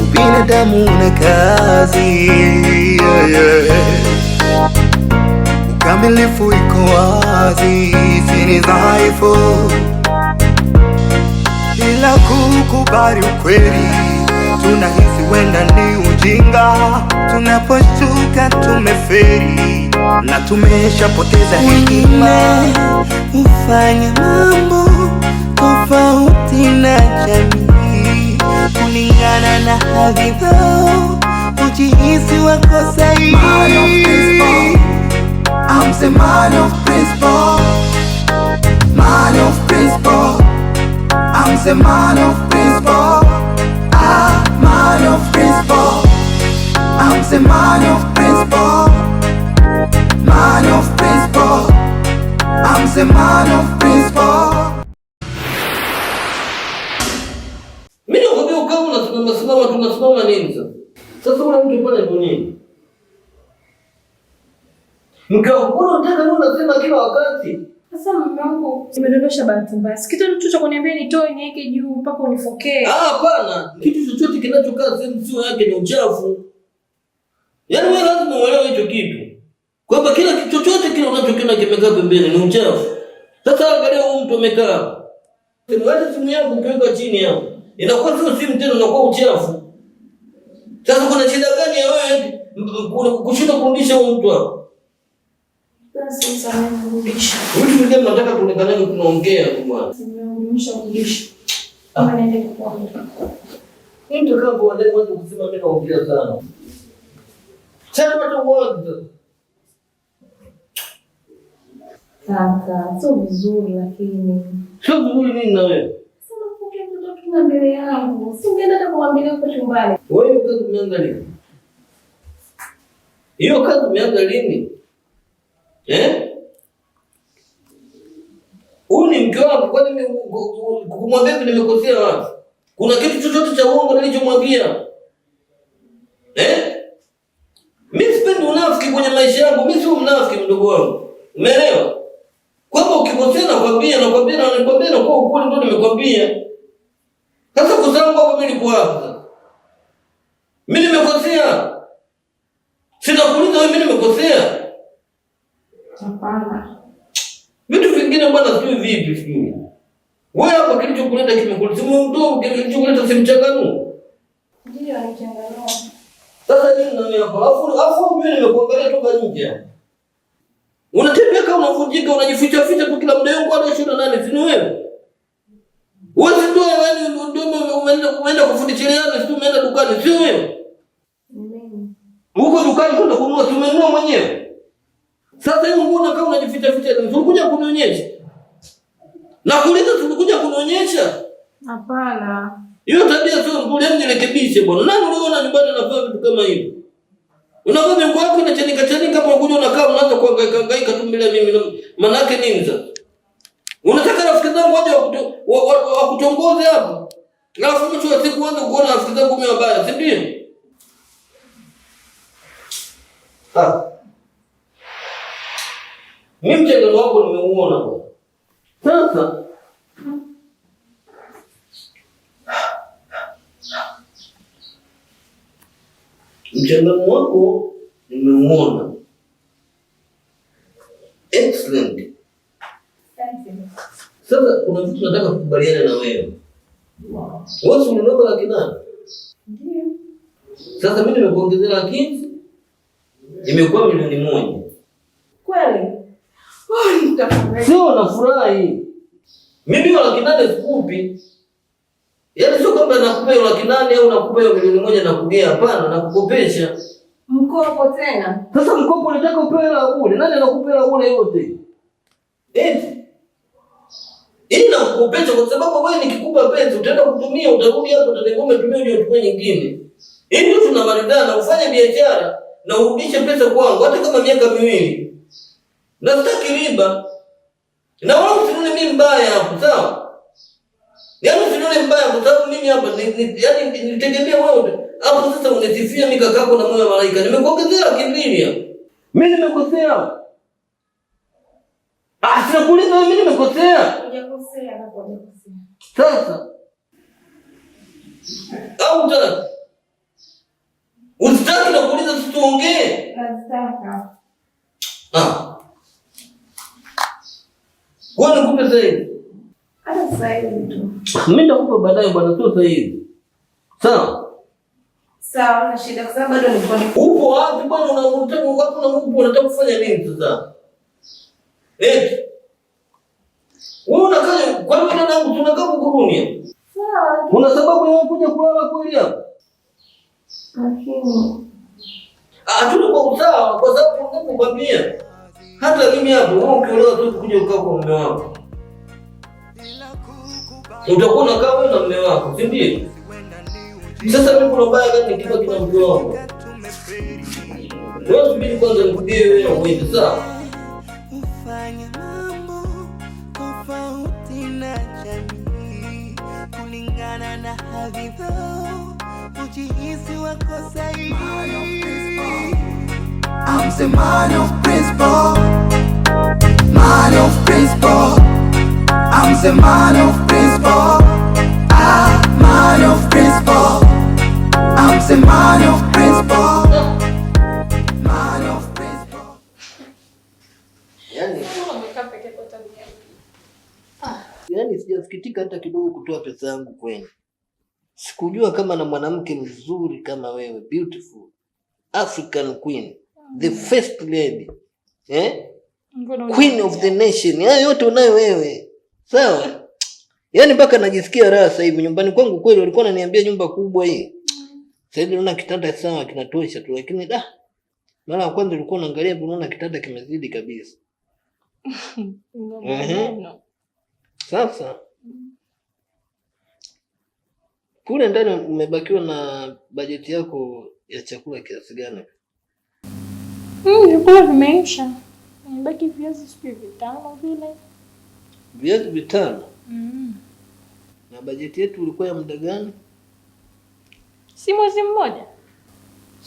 Ubinadamu una kazi yeah, yeah. Ukamilifu iko wazi, sini dhaifu ila kukubali ukweli tunahisi wenda ni ujinga tunaposhuka tumeferi na tumeshapoteza hekima. Ufanya mambo tofauti na jamii kulingana na hadhi zao, hujihisi wako sahihi. Man of principle, man of principle, I'm the man of principle. Це Маню в принципо, Маню в принципо, Ам це Маню в принципо. Mimi nakwambia ukawa unasimama tunasimama nini sasa? Sasa una mtu pale dunia. Mkao mbona unataka nini unasema kila wakati? Sasa mume wangu nimedondosha bahati mbaya. Kitu kitu cha kuniambia nitoe niweke juu mpaka unifokee. Ah, hapana. Kitu chochote kinachokaa sehemu sio yake ni uchafu hicho kitu, kwamba kila kitu chochote kile unachokiona kimekaa pembeni ni uchafu. Sasa angalia huyu mtu amekaa, hata simu yako ukiweka chini hapo inakuwa sio simu tena, inakuwa uchafu. Sasa kuna shida gani ya wewe kushinda kurudisha huyu mtu hapo? Nataka kuonekana tunaongea tu bwana. Mimi ah. ndio kwa wale watu kusema mimi naongea sana. Tena uongo. Kaka, sio vizuri lakini. Sio vizuri nini na wewe? Sasa mbele yangu. Si ungeenda hata kumwambia huko chumbani. Wewe ukaanza kumianga lini? Hiyo kazi umeanza lini? Eh? Huyu ni mke wangu, kwani kumwambia nimekosea wapi? Kuna kitu chochote cha uongo nilichomwambia? maisha yangu. Mimi si mnafiki mdogo wangu, umeelewa? Kwamba ukikosea na kwambia na kwambia na na kwa ukweli ndio nimekwambia. Sasa kuzangu hapo mimi niko hapa. Mimi nimekosea. Sinakuuliza wewe mimi nimekosea. Hapana. Vitu vingine bwana sijui vipi sijui. Wewe hapo kilichokuleta kimekuleta. Simu ndio kilichokuleta simchanganua. Ndio, alichanganua. Sasa nini nani hapa? Alafu alafu mimi nimekuangalia toka nje. Unatembea kama unavunjika, unajificha ficha tu kila muda yangu hata shida nani sini wewe. Wewe ndio yaani ndio umeenda umeenda kufundishiliana, si umeenda dukani si wewe. Huko dukani kwenda kununua, si umenunua mwenyewe. Sasa hiyo nguo unakaa unajificha ficha, tulikuja kunionyesha. Na kuuliza tulikuja kunionyesha. Hapana. Hiyo tabia sio nzuri, yaani nirekebishe bwana. Nani unaona nyumbani na kwa kama hiyo. Unakuwa Mungu wako na chanika chanika kwa kuja unakaa unaanza kuhangaika hangaika tu bila mimi. Maana yake nini sasa? Unataka rafiki zangu waje wakutongoze hapo. Alafu mtu asikuanze kuona rafiki zangu mimi wabaya, si ndio? Ah. Mimi mtendo wako nimeuona. kwa. Sasa mchangamu wako nimeuona. Excellent. Sasa kuna vitu nataka kukubaliana na wewe. Wewe unaomba laki nane? Ndio. Sasa mimi nimekuongezea laki nne. Imekuwa milioni moja. Kweli? Oh, nitafurahi. Sio nafurahi. Mimi laki nane sikupi kwamba nakupa hiyo laki nane au nakupa hiyo milioni moja na kugea? Hapana, nakukopesha mkopo. Tena sasa mkopo unataka upewe hela bure? Nani anakupa hela bure yote? Eti eh? ili nakukopesha kwa sababu wewe nikikupa pesa utaenda kutumia, utarudi hapo tena umetumia hiyo tukio nyingine. Ili tunamalizana, ufanye biashara na urudishe pesa kwangu, hata kama miaka miwili. Nasitaki riba na wala usinune mimi mbaya hapo, sawa? Yaani vidole mbaya kwa sababu mimi hapa ni, ni yaani nitegemea wewe. Hapo sasa unatifia mika kako na moyo malaika. Nimekuongezea kibiri ya. Mimi nimekosea. Ah, sinakuuliza mimi nimekosea. Hujakosea hapo hujakosea. Sasa au ta Unataka na kuuliza sisi tuongee? Nataka. Ah. Kwani nini kumbe zaidi? Mimi nitakupa baadaye bwana, sio hivi. Sawa sawa, na shida kwa sababu bado niko. Upo wapi bwana? unamtaka wapi na upo unataka kufanya nini sasa? Eh, wewe unakaa kwa nini dadangu, tunakaa kukurunia? Sawa, Kuna sababu ya kuja kulala kweli hapo? Lakini ah, tuko sawa kwa sababu ninakwambia hata mimi hapo wewe ukiolewa tu kuja ukaa kwa mume wako utakuwa unakaa wewe na mume wako, si ndio? Sasa mimi kuna baya gani nikiwa kina mume wangu? Wewe subiri kwanza nikudie wewe na mwezi sawa? wako I'm the man of principle. Man of principle. I'm the man of the man of principle. Man of principle. Yani, yani sijasikitika hata kidogo kutoa pesa yangu kwenu. Sikujua kama na mwanamke mzuri kama wewe, beautiful African queen, the mm. first lady. Eh? Queen of the nation. Hayo yote unayo wewe. Sawa? yani mpaka najisikia raha sasa hivi nyumbani kwangu kweli walikuwa wananiambia nyumba kubwa hii. Sasa naona kitanda sawa kinatosha tu, lakini da, mara ya kwanza ulikuwa unaangalia, naona kitanda kimezidi kabisa. Sasa kule ndani umebakiwa na bajeti yako ya chakula kiasi gani? Vyakula vimeisha, imebaki viazi sijui vitano vile. Viazi vitano? mm. na bajeti yetu ulikuwa ya muda gani? si mwezi mmoja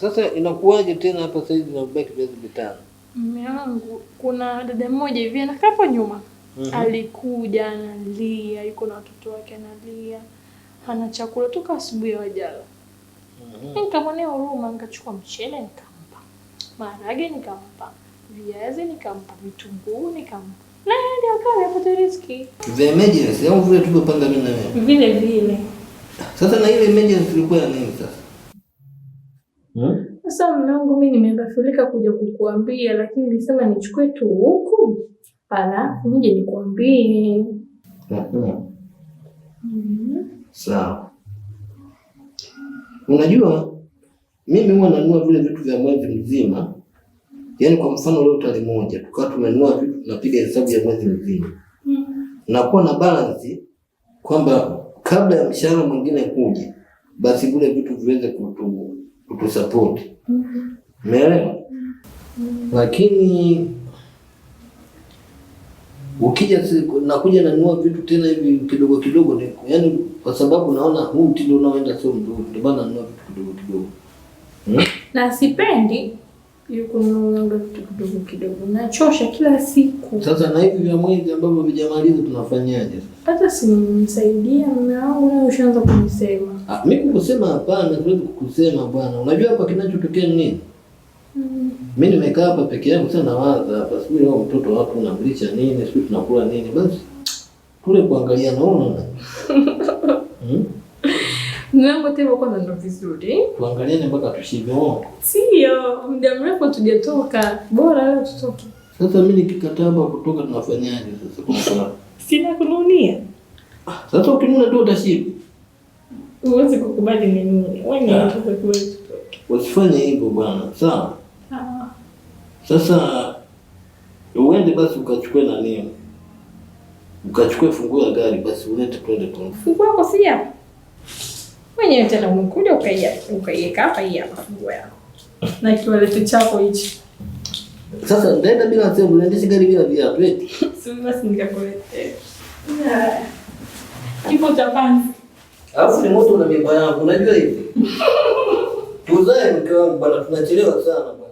sasa. Inakuwaje tena hapa sasa hivi nabaki miezi mitano? Mume wangu kuna dada mmoja hivi anakaa hapo nyuma mm -hmm. Alikuja analia, yuko na watoto wake, analia hana chakula toka asubuhi wajala. mm -hmm. Nikamwonea huruma, nikachukua mchele nikampa, maharage nikampa, viazi nikampa, vitunguu nikampa na ndio akawa amepata riziki. Vile vile vile sasa na ile emergency tulikuwa nini sasa? Hmm? Sasa mwanangu, mimi nimebafulika kuja kukuambia, lakini nilisema nichukue tu huku alafu nije nikwambie. Mm-hmm. Mm-hmm. Sawa. Unajua mimi huwa nanua vile vitu vya mwezi mzima, yaani kwa mfano leo tarehe moja tukawa tumenunua vitu, tunapiga hesabu ya mwezi mzima, mm-hmm. nakuwa na balance kwamba kabla ya mshahara mwingine kuja, basi vile vitu viweze kutu, kutusapoti. Mm-hmm. Umeelewa? Mm-hmm. Lakini ukija nakuja nanua vitu tena hivi kidogo kidogo niko. Yaani kwa sababu naona huu mtindo unaoenda sio mzuri, ndio maana nanua vitu kidogo kidogo. Hmm? Na sipendi yuko naona vitu kidogo kidogo, nachosha kila siku. Sasa na hivi vya mwezi ambavyo vijamaliza tunafanyaje? Hata simsaidia mume wangu na ushaanza kunisema. Ah, mimi kukusema hapana, siwezi kukusema bwana. Unajua hapa kinachotokea ni nini? Mm. Mimi nimekaa hapa peke yangu sana, nawaza hapa, sijui leo mtoto wako unamlisha nini, sijui tunakula nini, basi kule kuangalia na unaona. mm? Mlango tena uko ndo vizuri. Tuangaliane mpaka tushibe wao. Sio, muda mrefu tujatoka. Bora leo tutoke. Sasa mimi nikikataa kutoka tunafanyaje sasa kwa sababu? Sina kununia. Sasa ukinunia tu utashiba. Uwezi kukubali ninunie. Wewe ni ah. mtu kwa kweli. Usifanye hivyo bwana. Sawa? Ah. Sasa uende basi ukachukue nani? Ukachukue funguo ya gari basi ulete twende tu. Funguo yako si hapa mwenyewe tena umekuja ukaiweka hapa, hii hapa funguo yako na kiwalete chako hichi. Sasa ndaenda bila sehemu, naendesha gari bila viatu eti. Sasa basi nikakuletea. Kipo cha panzi. Alafu ni moto na mimba yangu, unajua hivi. Tuzae mke wangu bwana, tunachelewa sana bwana.